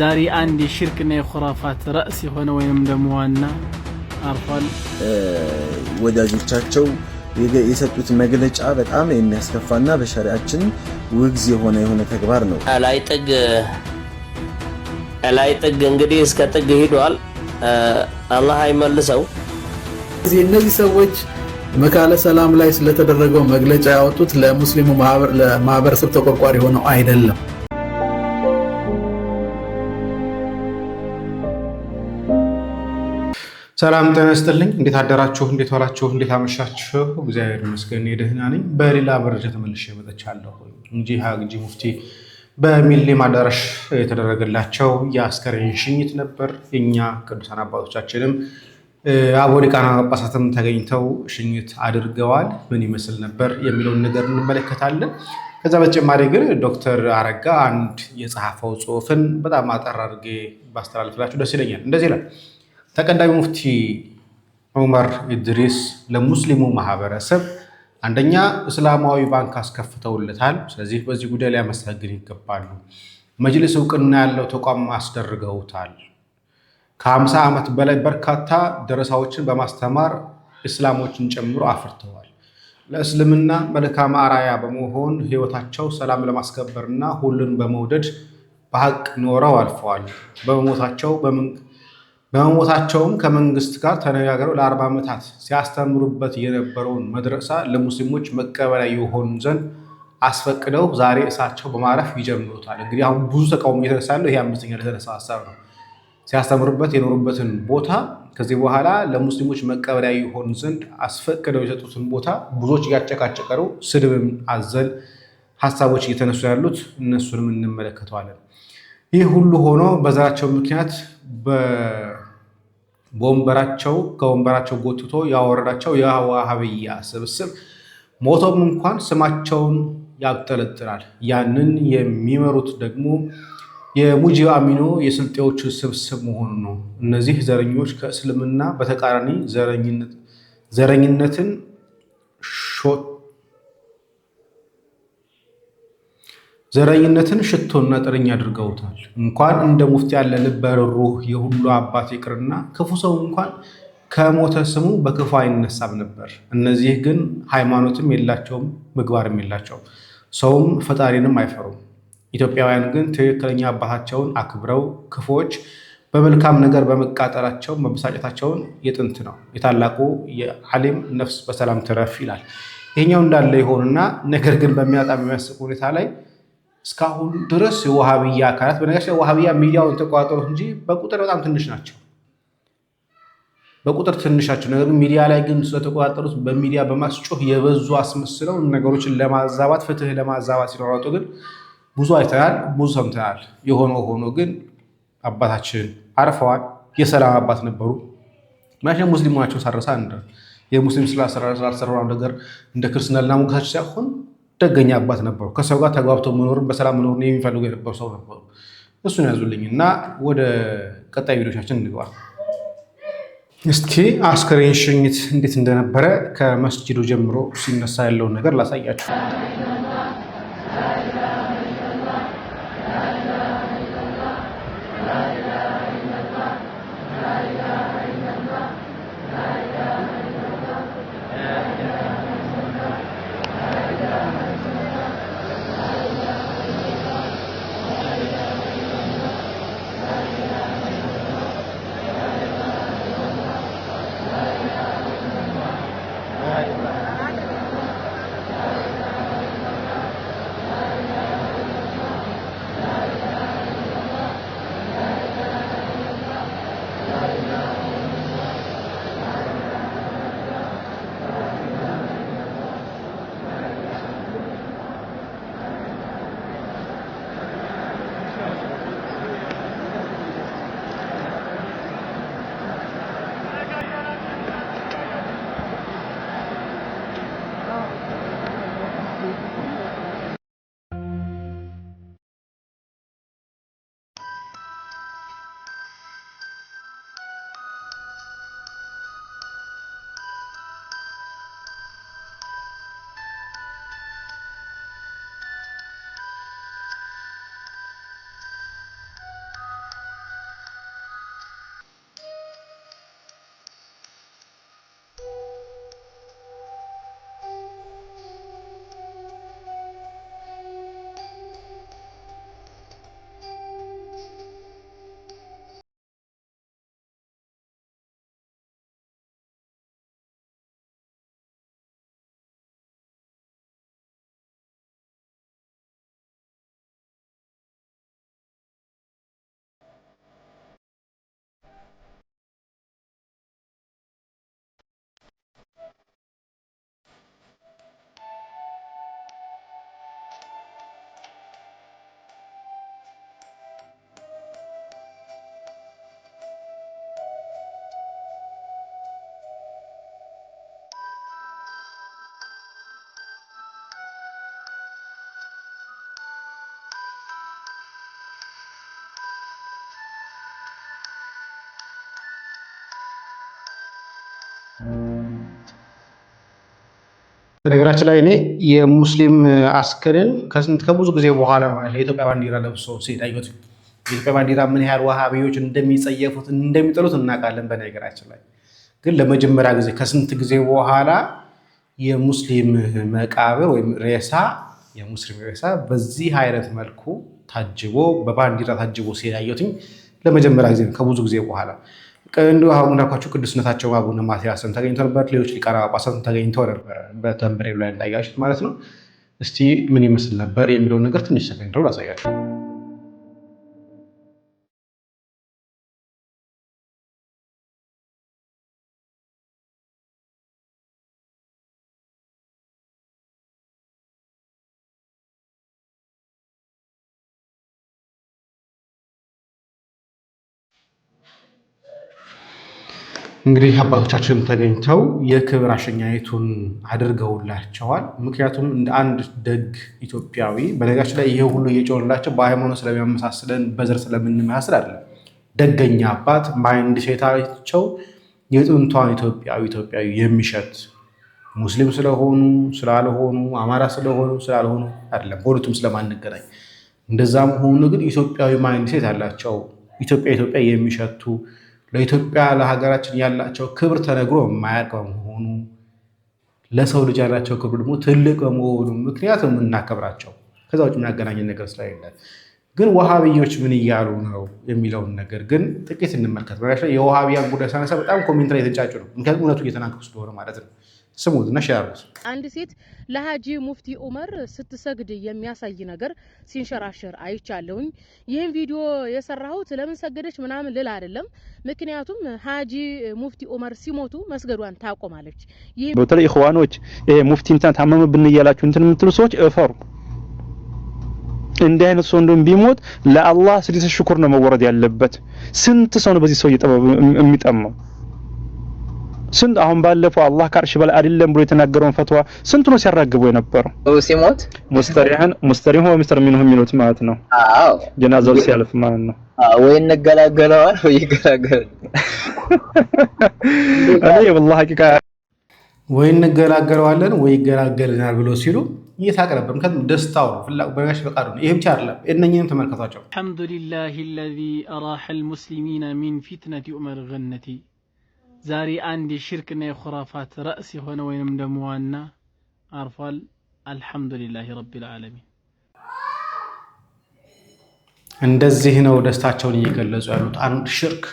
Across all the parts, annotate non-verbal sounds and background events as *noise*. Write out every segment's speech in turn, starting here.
ዛሬ አንድ የሽርክና የኩራፋት ራእስ የሆነ ወይም ደግሞ ዋና አርፏል። ወዳጆቻቸው የሰጡት መግለጫ በጣም የሚያስከፋና በሸሪያችን ውግዝ የሆነ የሆነ ተግባር ነው። ላይ ጥግ ላይ ጥግ እንግዲህ እስከ ጥግ ሂዷል። አላህ አይመልሰው። እነዚህ ሰዎች መካለ ሰላም ላይ ስለተደረገው መግለጫ ያወጡት ለሙስሊሙ ማህበረሰብ ተቆርቋሪ ሆነው አይደለም። ሰላም ጤና ይስጥልኝ። እንዴት አደራችሁ? እንዴት ዋላችሁ? እንዴት አመሻችሁ? እግዚአብሔር ይመስገን ደህና ነኝ። በሌላ መረጃ ተመልሼ መጥቻለሁ። እንጂ ሀጂ ሙፍቲ በሚሌኒየም አዳራሽ የተደረገላቸው የአስከሬን ሽኝት ነበር። የእኛ ቅዱሳን አባቶቻችንም አቦነ ቃና ጳጳሳትም ተገኝተው ሽኝት አድርገዋል። ምን ይመስል ነበር የሚለውን ነገር እንመለከታለን። ከዛ በተጨማሪ ግን ዶክተር አረጋ አንድ የጸሐፈው ጽሁፍን በጣም አጠር አድርጌ ባስተላልፍላችሁ ደስ ይለኛል። እንደዚህ ይላል ተቀዳሚ ሙፍቲ ዑመር ኢድሪስ ለሙስሊሙ ማህበረሰብ አንደኛ እስላማዊ ባንክ አስከፍተውለታል። ስለዚህ በዚህ ጉዳይ ላይ ይገባሉ። መጅልስ እውቅና ያለው ተቋም አስደርገውታል። ዓመት በላይ በርካታ ደረሳዎችን በማስተማር እስላሞችን ጨምሮ አፍርተዋል። ለእስልምና መልካም አራያ በመሆን ህይወታቸው ሰላም ለማስከበርና ሁሉን በመውደድ በሀቅ ኖረው አልፈዋል። በመሞታቸው በመሞታቸውም ከመንግስት ጋር ተነጋግረው ለአርባ ዓመታት ሲያስተምሩበት የነበረውን መድረሳ ለሙስሊሞች መቀበሪያ የሆኑ ዘንድ አስፈቅደው ዛሬ እሳቸው በማረፍ ይጀምሩታል። እንግዲህ አሁን ብዙ ተቃውሞ እየተነሳ ያለው ይሄ አምስተኛ ለተነሳ ሀሳብ ነው። ሲያስተምሩበት የኖሩበትን ቦታ ከዚህ በኋላ ለሙስሊሞች መቀበሪያ የሆኑ ዘንድ አስፈቅደው የሰጡትን ቦታ ብዙዎች እያጨቃጨቀ ስድብም አዘል ሀሳቦች እየተነሱ ያሉት እነሱንም እንመለከተዋለን። ይህ ሁሉ ሆኖ በዘራቸው ምክንያት በወንበራቸው ከወንበራቸው ጎትቶ ያወረዳቸው የዋሃብያ ስብስብ ሞቶም እንኳን ስማቸውን ያብጠለጥላል። ያንን የሚመሩት ደግሞ የሙጂብ አሚኖ የስልጤዎቹ ስብስብ መሆኑ ነው። እነዚህ ዘረኞች ከእስልምና በተቃራኒ ዘረኝነትን ዘረኝነትን ሽቶና ጥርኝ አድርገውታል። እንኳን እንደ ሙፍቲ ያለ ልበ ሩህ የሁሉ አባት ይቅርና ክፉ ሰው እንኳን ከሞተ ስሙ በክፉ አይነሳም ነበር። እነዚህ ግን ሃይማኖትም የላቸውም ምግባርም የላቸውም። ሰውም ፈጣሪንም አይፈሩም። ኢትዮጵያውያን ግን ትክክለኛ አባታቸውን አክብረው ክፉዎች በመልካም ነገር በመቃጠላቸው መበሳጨታቸውን የጥንት ነው። የታላቁ የዓሊም ነፍስ በሰላም ትረፍ ይላል። ይህኛው እንዳለ ይሆንና ነገር ግን በሚያጣም የሚያስቅ ሁኔታ ላይ እስካሁን ድረስ የውሃብያ አካላት በነገራችን ዋሃብያ ሚዲያውን ተቆጣጠሩት እንጂ በቁጥር በጣም ትንሽ ናቸው። በቁጥር ትንሻቸው፣ ነገር ግን ሚዲያ ላይ ግን ስለተቆጣጠሩት በሚዲያ በማስጮህ የበዙ አስመስለው ነገሮችን ለማዛባት ፍትህ ለማዛባት ሲለዋወጡ ግን ብዙ አይተናል፣ ብዙ ሰምተናል። የሆነ ሆኖ ግን አባታችን አርፈዋል። የሰላም አባት ነበሩ። ምክንያቱም ሙስሊም ናቸው ሳረሳ የሙስሊም ስላሰራሰራ ነገር እንደ ክርስትና ልናሞገሳቸው ሳይሆን ደገኛ አባት ነበሩ። ከሰው ጋር ተግባብተው መኖርን በሰላም መኖርን የሚፈልጉ የነበሩ ሰው ነበሩ። እሱን ያዙልኝ እና ወደ ቀጣይ ቪዲዮቻችን እንግባ። እስኪ አስከሬን ሽኝት እንዴት እንደነበረ ከመስጅዱ ጀምሮ ሲነሳ ያለውን ነገር ላሳያችሁ። በነገራችን ላይ እኔ የሙስሊም አስክሬን ከስንት ከብዙ ጊዜ በኋላ ነው የኢትዮጵያ ባንዲራ ለብሶ ሲታዩት የኢትዮጵያ ባንዲራ ምን ያህል ውሃቢዎች እንደሚጸየፉት እንደሚጠሉት እናውቃለን። በነገራችን ላይ ግን ለመጀመሪያ ጊዜ ከስንት ጊዜ በኋላ የሙስሊም መቃብር ወይም ሬሳ የሙስሊም ሬሳ በዚህ አይነት መልኩ ታጅቦ በባንዲራ ታጅቦ ሲታዩትኝ ለመጀመሪያ ጊዜ ከብዙ ጊዜ በኋላ እንዲሁ አሁን እንዳልኳቸው ቅዱስነታቸው አቡነ ማትያስም ተገኝተው ነበር። ሌሎች ሊቃነ ጳጳሳትም ተገኝተው ነበር። በተንበሬ ላይ እንዳያችሁት ማለት ነው። እስቲ ምን ይመስል ነበር የሚለውን ነገር ትንሽ ሰከንድ አሳያቸው። እንግዲህ አባቶቻችን ተገኝተው የክብር አሸኛየቱን አድርገውላቸዋል። ምክንያቱም እንደ አንድ ደግ ኢትዮጵያዊ በነገራችን ላይ ይሄ ሁሉ እየጮህላቸው በሃይማኖት ስለሚያመሳስለን በዘር ስለምንመሳስል አለ ደገኛ አባት ማይንድ ሴታቸው የጥንቷን ኢትዮጵያዊ ኢትዮጵያዊ የሚሸት ሙስሊም ስለሆኑ ስላልሆኑ አማራ ስለሆኑ ስላልሆኑ አይደለም፣ በሁለቱም ስለማንገናኝ እንደዛም ሆኑ ግን ኢትዮጵያዊ ማይንድ ሴት አላቸው። ኢትዮጵያ ኢትዮጵያ የሚሸቱ ለኢትዮጵያ ለሀገራችን ያላቸው ክብር ተነግሮ የማያልቅ በመሆኑ ለሰው ልጅ ያላቸው ክብር ደግሞ ትልቅ በመሆኑ ምክንያት የምናከብራቸው ከዛ ውጭ የሚያገናኝን ነገር ስለሌለ ግን ውሃብዮች ምን እያሉ ነው የሚለውን ነገር ግን ጥቂት እንመልከት። በላይ የውሃብያን ጉዳይ ሳነሳ በጣም ኮሜንት ላይ የተጫጩ ነው። ምክንያቱም እውነቱ እየተናገሩ ስለሆነ ማለት ነው። ስሙት ነሽ አንድ ሴት ለሀጂ ሙፍቲ ኡመር ስትሰግድ የሚያሳይ ነገር ሲንሸራሸር አይቻለውኝ። ይህን ቪዲዮ የሰራሁት ለምን ሰገደች ምናምን ልል አይደለም። ምክንያቱም ሀጂ ሙፍቲ ኡመር ሲሞቱ መስገዷን ታቆማለች። በተለይ ኢኽዋኖች ይሄ ሙፍቲ እንትና ታመመ ብንያላችሁ እንትን የምትሉ ሰዎች እፈሩ። እንዲህ አይነት ሰው እንደም ቢሞት ለአላህ ስለዚህ ሽኩር ነው መወረድ ያለበት። ስንት ሰው ነው በዚህ ሰው የሚጠማው? ስንት አሁን ባለፈው አላህ ከአርሽ በላይ አይደለም ብሎ የተናገረውን ፈትዋ ስንት ነው ሲያራግቡ የነበረው? ሲሞት ሙስተሪህን ሙስተሪህ ወይ ሚንሁ የሚሉት ማለት ነው። አዎ ጀናዛው ሲያልፍ ማለት ነው። ወይ እንገላገለዋል ወይ ይገላገል። እኔ ወላሂ ሐቂቃ ወይ እንገላገለዋለን ወይ ይገላገልናል ብሎ ሲሉ ይህ ታቀረበም ደስታው ነው በጋሽ ፈቃዱ ነው። ይህ ብቻ አይደለም። እነኝንም ተመልከቷቸው። አልሐምዱሊላሂ አለዚ አራሐ አልሙስሊሚና ሚን ፊትነቲ ኡመር ገነቲ ዛሬ አንድ የሽርክና የኹራፋት ራእስ የሆነ ወይንም ደግሞ ዋና አርፏል። አልሐምዱሊላህ ረቢል ዓለሚን። እንደዚህ ነው ደስታቸውን እየገለጹ ያሉት። አንድ ሽርክ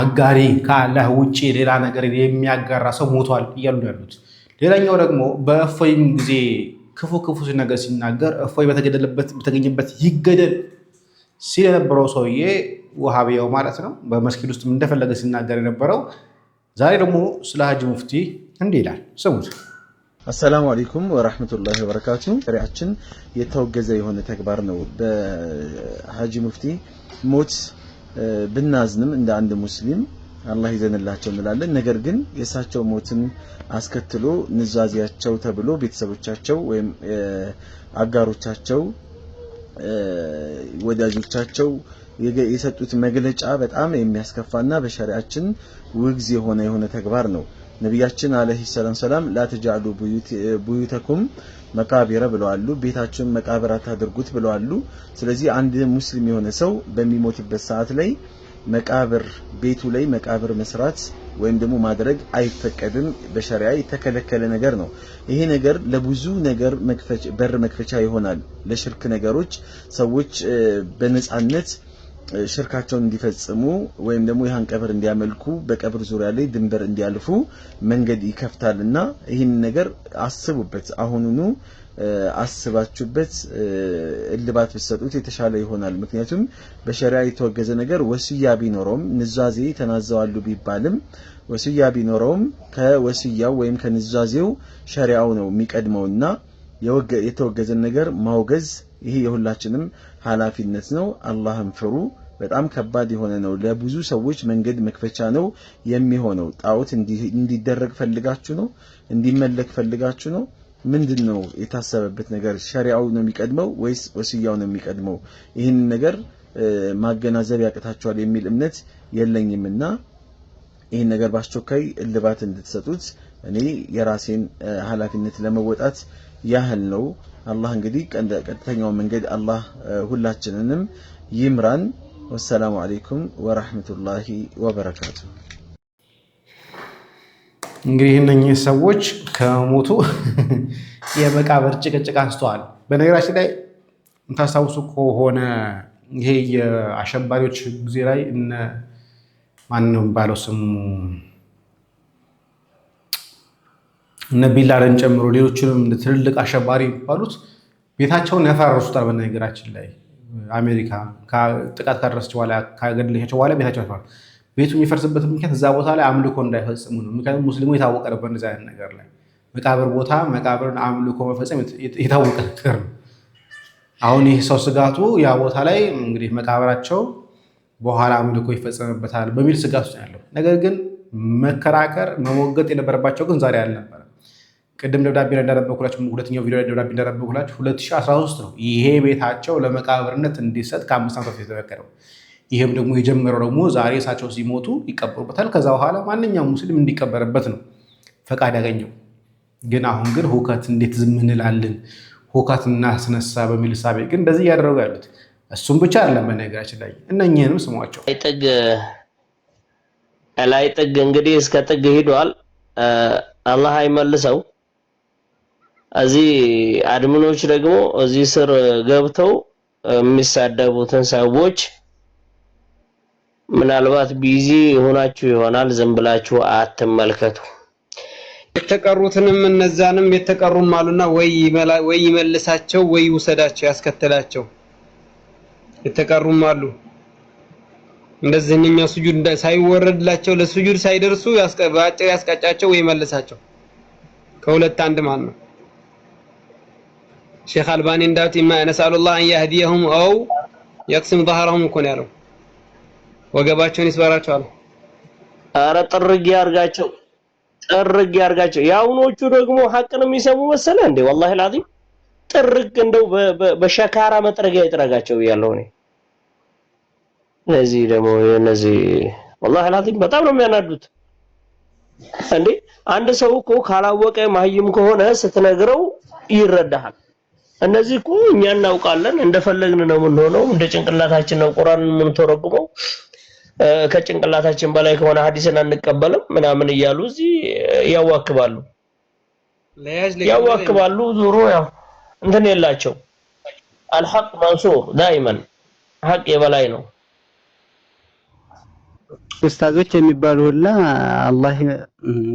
አጋሪ ከአላህ ውጭ ሌላ ነገር የሚያጋራ ሰው ሞቷል እያሉ ያሉት። ሌላኛው ደግሞ በእፎይም ጊዜ ክፉ ክፉ ነገር ሲናገር እፎይ በተገደለበት በተገኘበት ይገደል ሲል የነበረው ሰውዬ ውሃብያው ማለት ነው። በመስጊድ ውስጥ እንደፈለገ ሲናገር የነበረው ዛሬ ደግሞ ስለ ሀጂ ሙፍቲ እንዲህ ይላል፣ ስሙት። አሰላሙ አለይኩም ወራህመቱላሂ ወበረካቱ። ሪያችን የተወገዘ የሆነ ተግባር ነው። በሀጂ ሙፍቲ ሞት ብናዝንም እንደ አንድ ሙስሊም አላህ ይዘንላቸው እንላለን። ነገር ግን የእሳቸው ሞትን አስከትሎ ንዛዜያቸው ተብሎ ቤተሰቦቻቸው ወይም አጋሮቻቸው፣ ወዳጆቻቸው የሰጡት መግለጫ በጣም የሚያስከፋና በሸሪዓችን ውግዝ የሆነ የሆነ ተግባር ነው። ነቢያችን አለይሂ ሰላም ሰላም ላተጃሉ ቡዩተኩም መቃብረ ብለዋሉ። ቤታችን መቃብር አታድርጉት ብለዋሉ። ስለዚህ አንድ ሙስሊም የሆነ ሰው በሚሞትበት ሰዓት ላይ መቃብር ቤቱ ላይ መቃብር መስራት ወይም ደግሞ ማድረግ አይፈቀድም። በሸሪያ የተከለከለ ነገር ነው። ይሄ ነገር ለብዙ ነገር በር መክፈቻ ይሆናል። ለሽርክ ነገሮች ሰዎች በነጻነት ሽርካቸውን እንዲፈጽሙ ወይም ደግሞ ይህን ቀብር እንዲያመልኩ በቀብር ዙሪያ ላይ ድንበር እንዲያልፉ መንገድ ይከፍታል እና ይህን ነገር አስቡበት። አሁኑኑ አስባችሁበት እልባት ብትሰጡት የተሻለ ይሆናል። ምክንያቱም በሸሪያ የተወገዘ ነገር ወስያ ቢኖረውም ንዛዜ ተናዘዋሉ ቢባልም ወስያ ቢኖረውም ከወስያው ወይም ከንዛዜው ሸሪያው ነው የሚቀድመውና የተወገዘን ነገር ማውገዝ ይሄ የሁላችንም ኃላፊነት ነው። አላህን ፍሩ። በጣም ከባድ የሆነ ነው። ለብዙ ሰዎች መንገድ መክፈቻ ነው የሚሆነው። ጣዖት እንዲደረግ ፈልጋችሁ ነው? እንዲመለክ ፈልጋችሁ ነው? ምንድን ነው የታሰበበት ነገር? ሸሪዓው ነው የሚቀድመው ወይስ ወስያው ነው የሚቀድመው? ይህን ነገር ማገናዘብ ያቅታችኋል የሚል እምነት የለኝምና ይህን ነገር በአስቸኳይ እልባት እንድትሰጡት እኔ የራሴን ኃላፊነት ለመወጣት ያህል ነው። አላህ እንግዲህ ቀጥተኛው መንገድ አላህ ሁላችንንም ይምራን። ወሰላሙ አሌይኩም ወራህመቱላሂ ወበረካቱ። እንግዲህ እነኚህ ሰዎች ከሞቱ *laughs* የመቃብር ጭቅጭቅ አንስተዋል። በነገራችን ላይ የምታስታውሱ ከሆነ ይሄ የአሸባሪዎች ጊዜ ላይ እነ ማን ነው የሚባለው ስሙ እነ ቢላደን ጨምሮ ሌሎችንም ትልልቅ አሸባሪ የሚባሉት ቤታቸውን ያፈራረሱታል። በነገራችን ላይ አሜሪካ ጥቃት ካደረሰች በኋላ ካገደለቻቸው በኋላ ቤታቸው ያፈራል። ቤቱ የሚፈርስበት ምክንያት እዛ ቦታ ላይ አምልኮ እንዳይፈጽሙ ነው። ምክንያቱም ሙስሊሙ የታወቀ ነበር በእነዚህ አይነት ነገር ላይ መቃብር ቦታ መቃብርን አምልኮ መፈጸም የታወቀ ነገር ነው። አሁን ይህ ሰው ስጋቱ ያ ቦታ ላይ እንግዲህ መቃብራቸው በኋላ አምልኮ ይፈጸምበታል በሚል ስጋት ውስጥ ያለው ነገር ግን መከራከር መሞገጥ የነበረባቸው ግን ዛሬ አልነበረ ቅድም ደብዳቤ ላይ እንዳነበብኩላችሁ ሁለተኛው ቪዲዮ ላይ ደብዳቤ እንዳነበብኩላችሁ 2013 ነው ይሄ ቤታቸው ለመቃብርነት እንዲሰጥ ከአምስት ዓመት በፊት የተፈቀደው። ይህም ደግሞ የጀመረው ደግሞ ዛሬ እሳቸው ሲሞቱ ይቀበሩበታል። ከዛ በኋላ ማንኛውም ሙስሊም እንዲቀበርበት ነው ፈቃድ ያገኘው። ግን አሁን ግን ሁከት እንዴት ዝም እንላለን፣ ሁከት እናስነሳ በሚል ሳቤ ግን እንደዚህ እያደረጉ ያሉት እሱም ብቻ አይደለም። በነገራችን ላይ እነኝህንም ስሟቸው ላይ ጥግ እንግዲህ እስከ ጥግ ሂዷል። አላህ አይመልሰው። እዚህ አድምኖች ደግሞ እዚህ ስር ገብተው የሚሳደቡትን ሰዎች ምናልባት ቢዚ ሆናችሁ ይሆናል፣ ዝም ብላችሁ አትመልከቱ። የተቀሩትንም እነዛንም የተቀሩም አሉና ወይ ይመልሳቸው ወይ ይውሰዳቸው ያስከትላቸው? የተቀሩም አሉ። እንደዚህኛ ስጁድ ሳይወረድላቸው ለስጁድ ሳይደርሱ ያስቀባጭ ያስቀጫቸው ወይ ይመልሳቸው ከሁለት አንድ ማን ነው። ሼክ አልባኒ እንዳሉት ነስአሉላህ አን ያህዲየሁም አው የቅስም ظهرهم እኮ ነው ያለው። ወገባቸውን ይስበራቸው አለ። አረ ጥርግ ያርጋቸው፣ ጥርግ ያርጋቸው። የአሁኖቹ ደግሞ ሐቅን የሚሰሙ መሰለ እንዴ? ወላሂ አልዓዚም ጥርግ እንደው በሸካራ መጥረጊያ ይጥረጋቸው እያለሁ እኔ። እነዚህ ደግሞ እነዚህ ወላሂ አልዓዚም በጣም ነው የሚያናዱት። እንዴ አንድ ሰው እኮ ካላወቀ ማህይም ከሆነ ስትነግረው ይረዳሃል። እነዚህ እኮ እኛ እናውቃለን፣ እንደፈለግን ነው የምንሆነው፣ እንደ ጭንቅላታችን ነው ቁርአን የምንተረጉመው፣ ከጭንቅላታችን በላይ ከሆነ ሀዲስን አንቀበልም ምናምን እያሉ እዚህ ያዋክባሉ ያዋክባሉ። ዙሮ ያው እንትን የላቸው አልሐቅ መንሱር ዳይመን ሀቅ የበላይ ነው። ኡስታዞች የሚባሉ ሁላ አላህ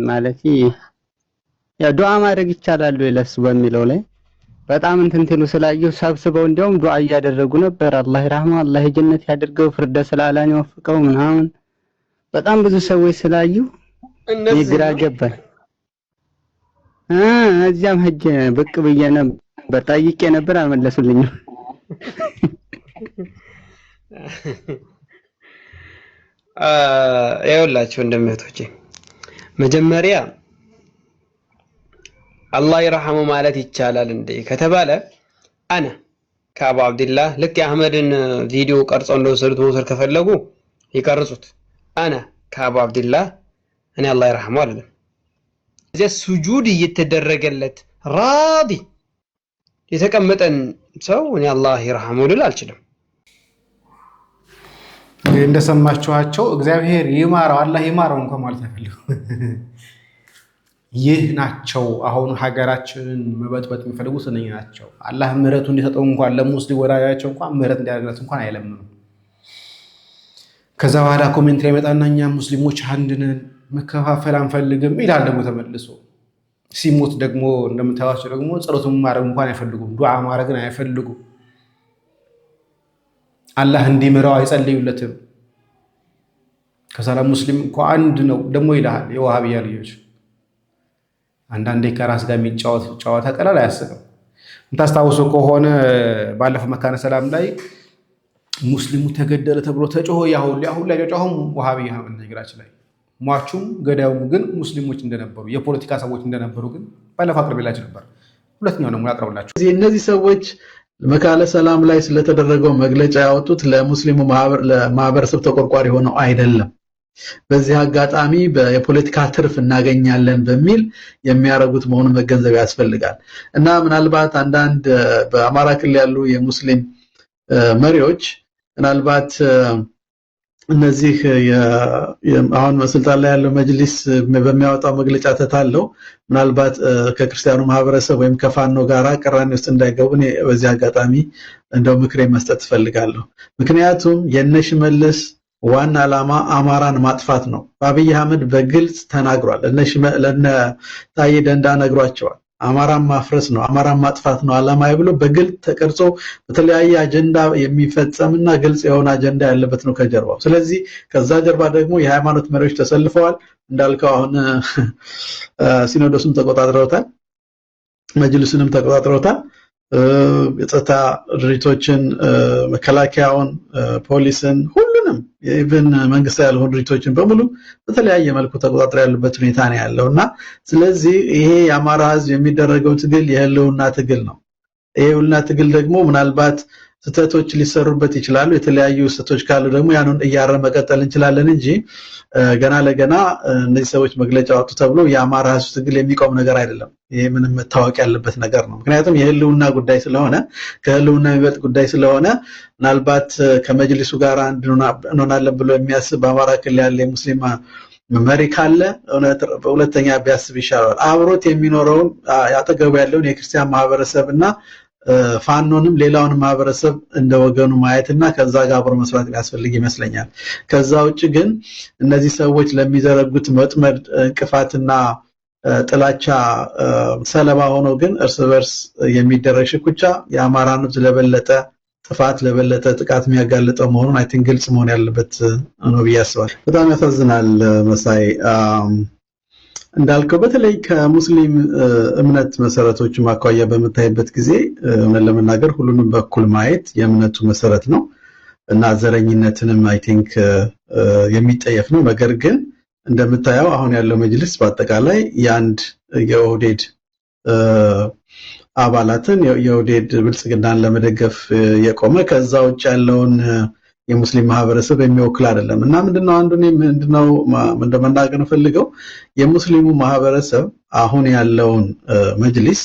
ማለት ያ ዱዓ ማድረግ ይቻላል ለሱ በሚለው ላይ በጣም እንትንትሉ ስላየሁ ሰብስበው እንዲያውም ዱዓ እያደረጉ ነበር። አላህ ይራህማ፣ አላህ ጀነት ያድርገው፣ ፍርደ ሰላላን ይወፍቀው ምናምን በጣም ብዙ ሰዎች ስላዩ ይግራ ገባል። እዚያም ህጅ ብቅ ብዬ ነበር ጠይቄ ነበር፣ አልመለሱልኝም። ይኸውላችሁ *laughs* መጀመሪያ አላህ ይርሐሙ ማለት ይቻላል እንዴ ከተባለ አነ ከአቡ አብድላህ ልክ የአህመድን ቪዲዮ ቀርጸው እንደወሰዱት መውሰድ ከፈለጉ ይቀርጹት። አነ ከአቡ አብድላህ እኔ አላህ ይርሐሙ አለም እዚያ ስጁድ እየተደረገለት ራዲ የተቀመጠን ሰው እኔ አላህ ይርሐሙ ልል አልችልም። እንደሰማችኋቸው እግዚአብሔር ይማረው አላህ ይማረው እንኳ ማለት አይፈልግም። *laughs* ይህ ናቸው። አሁን ሀገራችንን መበጥበጥ የሚፈልጉት እነኝህ ናቸው። አላህ ምረቱ እንዲሰጠው እንኳን ለሙስሊም ወዳጃቸው እንኳን ምረት እንዲያደርግለት እንኳን አይለምኑም። ከዛ በኋላ ኮሜንት ላይ እኛ ሙስሊሞች አንድ መከፋፈል አንፈልግም ይላል ደግሞ ተመልሶ። ሲሞት ደግሞ እንደምታዩዋቸው ደግሞ ጸሎቱን ማድረግ እንኳን አይፈልጉም፣ ዱዓ ማድረግን አይፈልጉም። አላህ እንዲምረው አይጸልዩለትም። ከዛ ሙስሊም እኮ አንድ ነው ደግሞ ይልሃል የዋሃብያ ልጆች አንዳንዴ ከራስ ጋር የሚጫወት ጨዋታ ቀላል አያስብም። የምታስታውሱ ከሆነ ባለፈው መካነ ሰላም ላይ ሙስሊሙ ተገደለ ተብሎ ተጮሆ ያሁሉ ያሁን ላይ ጫሁም ውሃብያ ነገራችን ላይ ሟቹም ገዳዩም ግን ሙስሊሞች እንደነበሩ የፖለቲካ ሰዎች እንደነበሩ ግን ባለፈው አቅርቤላችሁ ነበር። ሁለተኛው ደግሞ ያቅርብላችሁ እነዚህ ሰዎች መካነ ሰላም ላይ ስለተደረገው መግለጫ ያወጡት ለሙስሊሙ ማህበረሰብ ተቆርቋሪ ሆነው አይደለም በዚህ አጋጣሚ የፖለቲካ ትርፍ እናገኛለን በሚል የሚያደርጉት መሆኑን መገንዘብ ያስፈልጋል እና ምናልባት አንዳንድ በአማራ ክልል ያሉ የሙስሊም መሪዎች ምናልባት እነዚህ አሁን በስልጣን ላይ ያለው መጅሊስ በሚያወጣው መግለጫ ተታለው ምናልባት ከክርስቲያኑ ማህበረሰብ ወይም ከፋኖ ጋር ቅራኔ ውስጥ እንዳይገቡ በዚህ አጋጣሚ እንደው ምክሬ መስጠት እፈልጋለሁ። ምክንያቱም የነሽ መልስ ዋና ዓላማ አማራን ማጥፋት ነው። በአብይ አህመድ በግልጽ ተናግሯል። ለነ ታዬ ደንዳ ነግሯቸዋል። አማራን ማፍረስ ነው፣ አማራን ማጥፋት ነው ዓላማ ብሎ በግልጽ ተቀርጾ በተለያየ አጀንዳ የሚፈጸምና ግልጽ የሆነ አጀንዳ ያለበት ነው ከጀርባው። ስለዚህ ከዛ ጀርባ ደግሞ የሃይማኖት መሪዎች ተሰልፈዋል። እንዳልከው አሁን ሲኖዶስም ተቆጣጥረውታል፣ መጅልስንም ተቆጣጥረውታል። የጸጥታ ድርጅቶችን፣ መከላከያውን፣ ፖሊስን ሁሉ ሁሉንም ኢቨን መንግስታዊ ያልሆኑ ድርጅቶችን በሙሉ በተለያየ መልኩ ተቆጣጥሮ ያሉበት ሁኔታ ነው ያለው እና ስለዚህ ይሄ የአማራ ህዝብ የሚደረገው ትግል የህልውና ትግል ነው። ይሄ የህልውና ትግል ደግሞ ምናልባት ስህተቶች ሊሰሩበት ይችላሉ። የተለያዩ ስህተቶች ካሉ ደግሞ ያንን እያረ መቀጠል እንችላለን እንጂ ገና ለገና እነዚህ ሰዎች መግለጫ ወጡ ተብሎ የአማራ ህዝብ ትግል የሚቆም ነገር አይደለም። ይህ ምንም መታወቅ ያለበት ነገር ነው። ምክንያቱም የህልውና ጉዳይ ስለሆነ ከህልውና የሚበልጥ ጉዳይ ስለሆነ ምናልባት ከመጅሊሱ ጋር አንድ እንሆናለን ብሎ የሚያስብ በአማራ ክልል ያለ የሙስሊም መሪ ካለ ሁለተኛ ቢያስብ ይሻላል። አብሮት የሚኖረውን አጠገቡ ያለውን የክርስቲያን ማህበረሰብ እና ፋኖንም ሌላውን ማህበረሰብ እንደ ወገኑ ማየትና ከዛ ጋር አብሮ መስራት ሊያስፈልግ ይመስለኛል። ከዛ ውጭ ግን እነዚህ ሰዎች ለሚዘረጉት መጥመድ እንቅፋትና ጥላቻ ሰለባ ሆኖ ግን እርስ በርስ የሚደረግ ሽኩቻ የአማራን ሕዝብ ለበለጠ ጥፋት ለበለጠ ጥቃት የሚያጋልጠው መሆኑን አይ ቲንክ ግልጽ መሆን ያለበት ነው ብዬ አስባለሁ። በጣም ያሳዝናል መሳይ። እንዳልከው በተለይ ከሙስሊም እምነት መሰረቶች አኳያ በምታይበት ጊዜ ለመናገር ሁሉንም በኩል ማየት የእምነቱ መሰረት ነው እና ዘረኝነትንም አይ ቲንክ የሚጠየፍ ነው። ነገር ግን እንደምታየው አሁን ያለው መጅልስ በአጠቃላይ የአንድ የኦህዴድ አባላትን የኦህዴድ ብልጽግናን ለመደገፍ የቆመ ከዛ ውጭ ያለውን የሙስሊም ማህበረሰብ የሚወክል አይደለም እና ምንድነው አንዱ ምንድነው እንደመናገር ፈልገው የሙስሊሙ ማህበረሰብ አሁን ያለውን መጅሊስ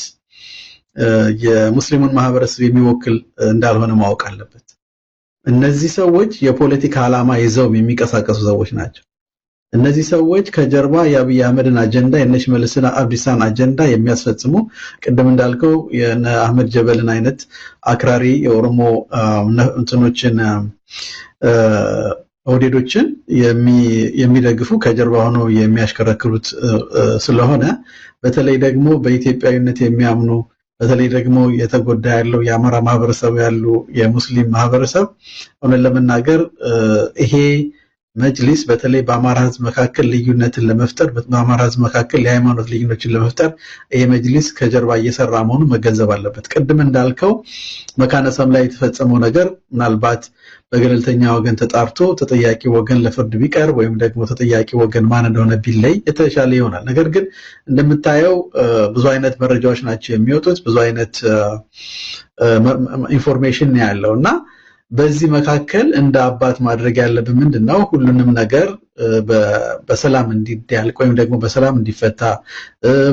የሙስሊሙን ማህበረሰብ የሚወክል እንዳልሆነ ማወቅ አለበት። እነዚህ ሰዎች የፖለቲካ ዓላማ ይዘው የሚንቀሳቀሱ ሰዎች ናቸው። እነዚህ ሰዎች ከጀርባ የአብይ አህመድን አጀንዳ የነሽ መልስን አብዲሳን አጀንዳ የሚያስፈጽሙ ቅድም እንዳልከው የነ አህመድ ጀበልን አይነት አክራሪ የኦሮሞ እንትኖችን ኦዴዶችን የሚደግፉ ከጀርባ ሆነው የሚያሽከረክሩት ስለሆነ በተለይ ደግሞ በኢትዮጵያዊነት የሚያምኑ በተለይ ደግሞ የተጎዳ ያለው የአማራ ማህበረሰብ ያሉ የሙስሊም ማህበረሰብ እውነት ለመናገር ይሄ መጅሊስ በተለይ በአማራ ህዝብ መካከል ልዩነትን ለመፍጠር በአማራ ህዝብ መካከል የሃይማኖት ልዩነቶችን ለመፍጠር ይህ መጅሊስ ከጀርባ እየሰራ መሆኑን መገንዘብ አለበት። ቅድም እንዳልከው መካነሰም ላይ የተፈጸመው ነገር ምናልባት በገለልተኛ ወገን ተጣርቶ ተጠያቂ ወገን ለፍርድ ቢቀርብ ወይም ደግሞ ተጠያቂ ወገን ማን እንደሆነ ቢለይ የተሻለ ይሆናል። ነገር ግን እንደምታየው ብዙ አይነት መረጃዎች ናቸው የሚወጡት፣ ብዙ አይነት ኢንፎርሜሽን ያለው እና በዚህ መካከል እንደ አባት ማድረግ ያለብን ምንድን ነው? ሁሉንም ነገር በሰላም እንዲያልቅ ወይም ደግሞ በሰላም እንዲፈታ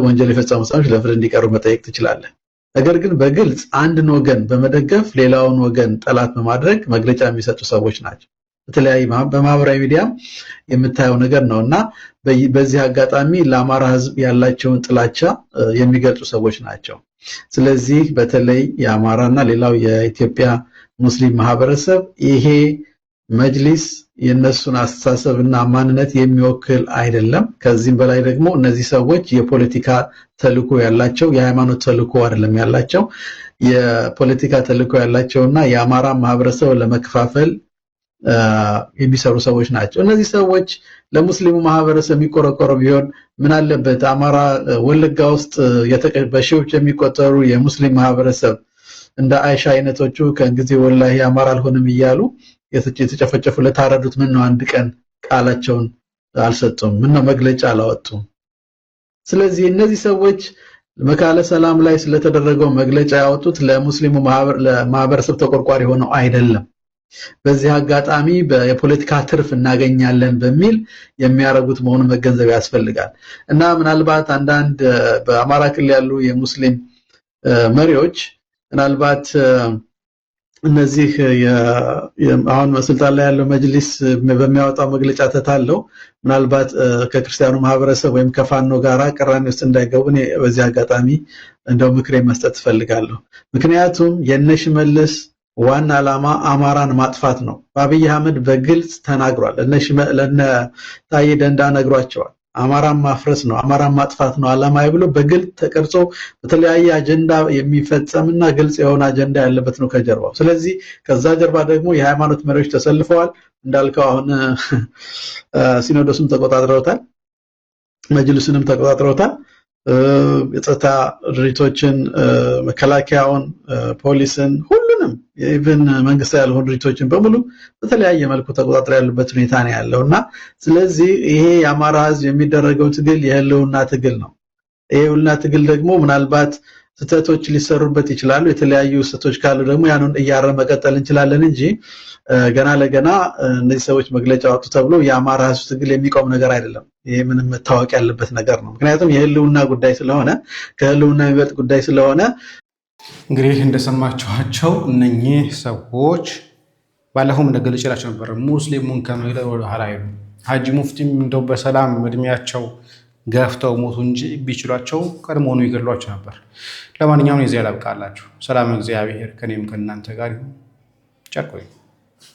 ወንጀል የፈጸሙ ሰዎች ለፍርድ እንዲቀርቡ መጠየቅ ትችላለህ። ነገር ግን በግልጽ አንድን ወገን በመደገፍ ሌላውን ወገን ጠላት በማድረግ መግለጫ የሚሰጡ ሰዎች ናቸው። በተለያዩ በማህበራዊ ሚዲያም የምታየው ነገር ነው እና በዚህ አጋጣሚ ለአማራ ሕዝብ ያላቸውን ጥላቻ የሚገልጹ ሰዎች ናቸው። ስለዚህ በተለይ የአማራና ሌላው የኢትዮጵያ ሙስሊም ማህበረሰብ ይሄ መጅሊስ አስተሳሰብ አስተሳሰብና ማንነት የሚወክል አይደለም። ከዚህም በላይ ደግሞ እነዚህ ሰዎች የፖለቲካ ተልኮ ያላቸው የሃይማኖት ተልኮ አይደለም ያላቸው የፖለቲካ ተልኮ ያላቸውና የአማራ ማህበረሰብ ለመከፋፈል የሚሰሩ ሰዎች ናቸው። እነዚህ ሰዎች ለሙስሊሙ ማህበረሰብ የሚቆረቆሩ ቢሆን ምን አለበት? አማራ ወለጋ ውስጥ በሺዎች የሚቆጠሩ የሙስሊም ማህበረሰብ እንደ አይሻ አይነቶቹ ከእንግዲህ ወላሂ አማራ አልሆንም እያሉ የተጨፈጨፉ ለታረዱት ምን ነው አንድ ቀን ቃላቸውን አልሰጡም? ምን ነው መግለጫ አላወጡም? ስለዚህ እነዚህ ሰዎች መካለ ሰላም ላይ ስለተደረገው መግለጫ ያወጡት ለሙስሊሙ ማህበረሰብ ተቆርቋሪ ሆነው አይደለም። በዚህ አጋጣሚ የፖለቲካ ትርፍ እናገኛለን በሚል የሚያረጉት መሆኑን መገንዘብ ያስፈልጋል። እና ምናልባት አንዳንድ በአማራ ክልል ያሉ የሙስሊም መሪዎች ምናልባት እነዚህ አሁን በስልጣን ላይ ያለው መጅሊስ በሚያወጣው መግለጫ ተታለው ምናልባት ከክርስቲያኑ ማህበረሰብ ወይም ከፋኖ ጋራ ቅራኔ ውስጥ እንዳይገቡ እኔ በዚህ አጋጣሚ እንደው ምክሬ መስጠት እፈልጋለሁ። ምክንያቱም መልስ ዋና ዓላማ አማራን ማጥፋት ነው። በአብይ አህመድ በግልጽ ተናግሯል። ለነ ታዬ ደንዳ ነግሯቸዋል። አማራን ማፍረስ ነው፣ አማራን ማጥፋት ነው አላማዊ ብሎ በግልጽ ተቀርጾ በተለያየ አጀንዳ የሚፈጸምና ግልጽ የሆነ አጀንዳ ያለበት ነው ከጀርባው። ስለዚህ ከዛ ጀርባ ደግሞ የሃይማኖት መሪዎች ተሰልፈዋል። እንዳልከው አሁን *laughs* ሲኖዶስም ተቆጣጥረውታል፣ መጅልሱንም ተቆጣጥረውታል። የጸጥታ ድርጅቶችን፣ መከላከያውን፣ ፖሊስን፣ ሁሉንም ኢቨን መንግስታዊ ያልሆኑ ድርጅቶችን በሙሉ በተለያየ መልኩ ተቆጣጥሮ ያሉበት ሁኔታ ነው ያለው እና ስለዚህ ይሄ የአማራ ህዝብ የሚደረገው ትግል የህልውና ትግል ነው። ይሄ ህልውና ትግል ደግሞ ምናልባት ስህተቶች ሊሰሩበት ይችላሉ። የተለያዩ ስህተቶች ካሉ ደግሞ ያንን እያረ መቀጠል እንችላለን እንጂ ገና ለገና እነዚህ ሰዎች መግለጫ ወጡ ተብሎ የአማራ ህዝብ ትግል የሚቆም ነገር አይደለም። ይህ ምንም መታወቅ ያለበት ነገር ነው። ምክንያቱም የህልውና ጉዳይ ስለሆነ ከህልውና የሚበልጥ ጉዳይ ስለሆነ እንግዲህ እንደሰማችኋቸው እነኚህ ሰዎች ባለፈው መገለጫ ነበር። ሙስሊሙን ከመግደል ወደኋላ አይሉ ሀጂ ሙፍቲም እንደው በሰላም እድሜያቸው ገፍተው ሞቱ እንጂ ቢችሏቸው ቀድሞውኑ ይገድሏቸው ነበር። ለማንኛውም የዚያ ላብቃላችሁ። ሰላም እግዚአብሔር ከኔም ከእናንተ ጋር ይሁን። ጨርቆይ